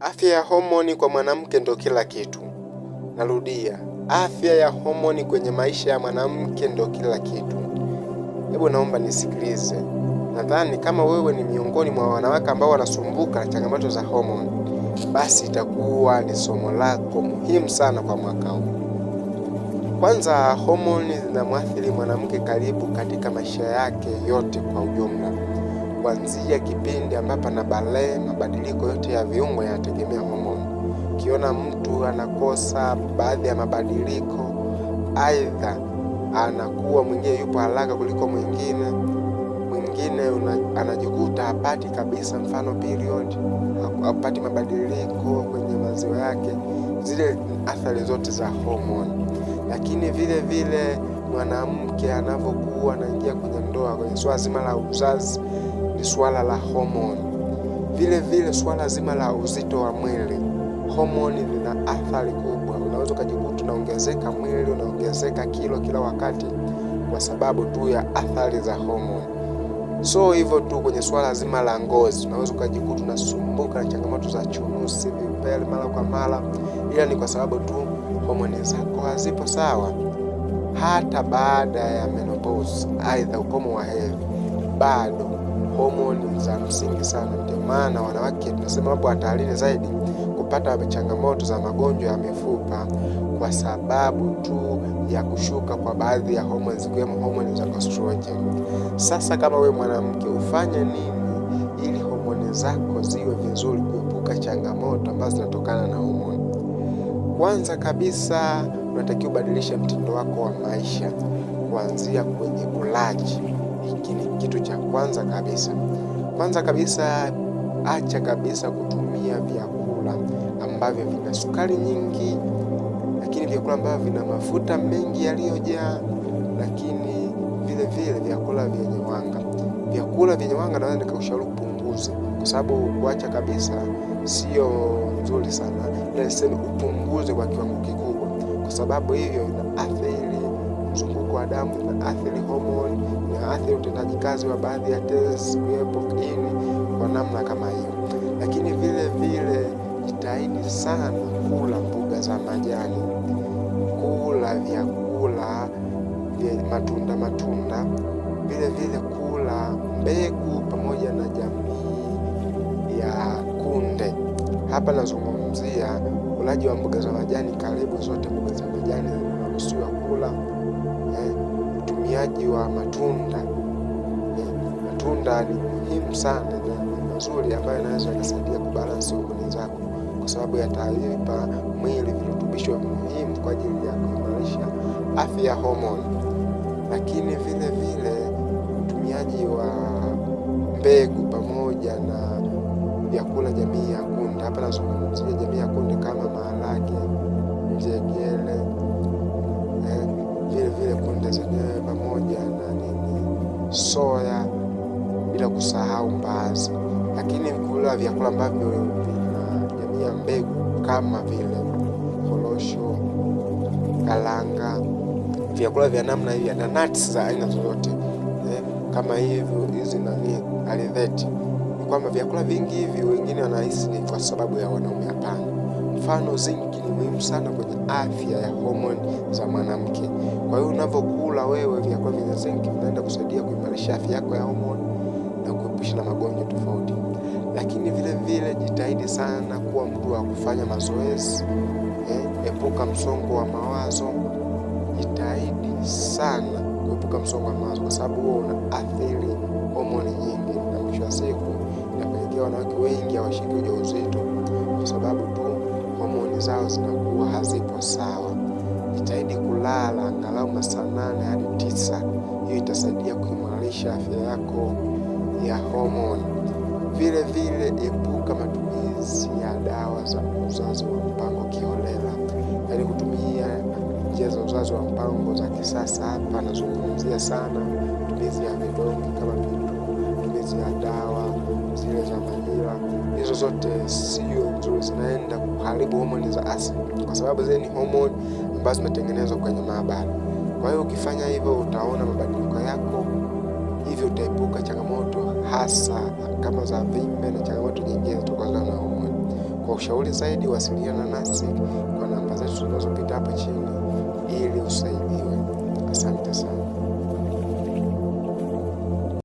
Afya ya homoni kwa mwanamke ndo kila kitu. Narudia, afya ya homoni kwenye maisha ya mwanamke ndo kila kitu. Hebu naomba nisikilize. Nadhani kama wewe ni miongoni mwa wanawake ambao wanasumbuka na changamoto za homoni, basi itakuwa ni somo lako muhimu sana kwa mwaka huu. Kwanza, homoni zinamwathiri mwanamke karibu katika maisha yake yote kwa ujumla kuanzia kipindi ambapo ana balee, mabadiliko yote ya viungo yanategemea homoni. Ukiona mtu anakosa baadhi ya mabadiliko, aidha anakuwa mwingine yupo haraka kuliko mwingine, mwingine anajikuta hapati kabisa, mfano period, hapati mabadiliko kwenye maziwa yake, zile athari zote za homoni. Lakini vile vile mwanamke anavyokuwa anaingia kwenye ndoa, kwenye swala zima la uzazi ni swala la homoni. Vile vile swala zima la uzito wa mwili, homoni lina athari kubwa. Unaweza ukajikuta unaongezeka mwili, unaongezeka kilo kila wakati kwa sababu tu ya athari za homoni. So hivyo tu kwenye swala zima la ngozi, unaweza ukajikuta unasumbuka na changamoto za chunusi, vipele mara kwa mara, ila ni kwa sababu tu homoni zako hazipo sawa. Hata baada ya menopause, aidha ukomo wa hedhi, bado homoni za msingi sana. Ndio maana wanawake tunasema wapo hatarini zaidi kupata changamoto za magonjwa ya mifupa kwa sababu tu ya kushuka kwa baadhi ya homoni zikiwemo homoni za estrogen. Sasa kama wewe mwanamke ufanye nini ili homoni zako ziwe vizuri, kuepuka changamoto ambazo zinatokana na homoni? Kwanza kabisa unatakiwa ubadilishe mtindo wako wa maisha kuanzia kwenye ulaji vingine. Kitu cha kwanza kabisa, kwanza kabisa, acha kabisa kutumia vyakula ambavyo vina sukari nyingi, lakini vyakula ambavyo vina mafuta mengi yaliyojaa, lakini vile vile vyakula vyenye wanga. Vyakula vyenye wanga naweza nikakushauri upunguze, kwa sababu kuacha kabisa sio nzuri sana, ila niseme upunguze kwa kiwango kikubwa, kwa sababu hivyo athari mzunguko wa damu, athiri homoni, athiri utendaji kazi wa baadhi ya tezi kuwepo ini kwa namna kama hiyo. Lakini vile vile jitahidi sana kula mboga za majani, kula vyakula vya matunda matunda, vile vile kula mbegu pamoja na jamii ya kunde. Hapa nazungumzia ulaji wa mboga za majani, karibu zote mboga za majani zinaruhusiwa kula utumiaji wa matunda. Matunda ni muhimu sana na mazuri ambayo yanaweza kusaidia kubalansi homoni zako, kwa sababu yataipa mwili virutubisho muhimu kwa ajili ya kuimarisha afya ya homoni. Lakini vile vile utumiaji wa mbegu pamoja na vyakula jamii ya kunde. Hapa nazungumzia jamii ya kunde kama maharage, njegele eh, vile vile kunde zenyewe pamoja na nini soya, bila kusahau mbaazi, lakini kula vyakula ambavyo vina jamii ya mbegu kama vile korosho, karanga, vyakula vya namna hiyo na nuts za aina zozote eh, kama hivyo hizi nani alizeti, ni kwamba vyakula vingi hivi wengine wanahisi ni kwa sababu ya wanaume. Hapana. Mfano zinki ni muhimu sana kwenye afya ya homoni za mwanamke. Kwa hiyo unavyokula wewe vyakula vyenye zinki vinaenda kusaidia kuimarisha afya yako ya homoni na kuepusha na magonjwa tofauti. Lakini vile vile jitahidi sana kuwa mtu wa kufanya mazoezi, eh, epuka msongo wa mawazo. Jitahidi sana kuepuka msongo wa mawazo kwa sababu huo unaathiri homoni nyingi, na mwisho wa siku inapelekea wanawake wengi hawashiki ujauzito kwa sababu tu homoni zao zinakuwa hazipo sawa. Jitahidi kulala angalau masaa nane hadi tisa. Hiyo itasaidia kuimarisha afya yako ya homoni. Vile vile, epuka matumizi ya dawa za uzazi wa mpango kiholela, yaani kutumia njia za uzazi wa mpango za kisasa. Hapa nazungumzia sana matumizi ya vidonge kama vile zote sio nzuri, zinaenda kuharibu homoni za asili, kwa sababu zile ni homoni ambazo zimetengenezwa kwenye maabara. Kwa hiyo ukifanya hivyo, utaona mabadiliko yako, hivyo utaepuka changamoto hasa kama za vimbe na changamoto nyingine zitokana na homoni. Kwa ushauri zaidi, wasiliana nasi kwa namba zetu zinazopita hapo chini ili usaidiwe. Asante sana.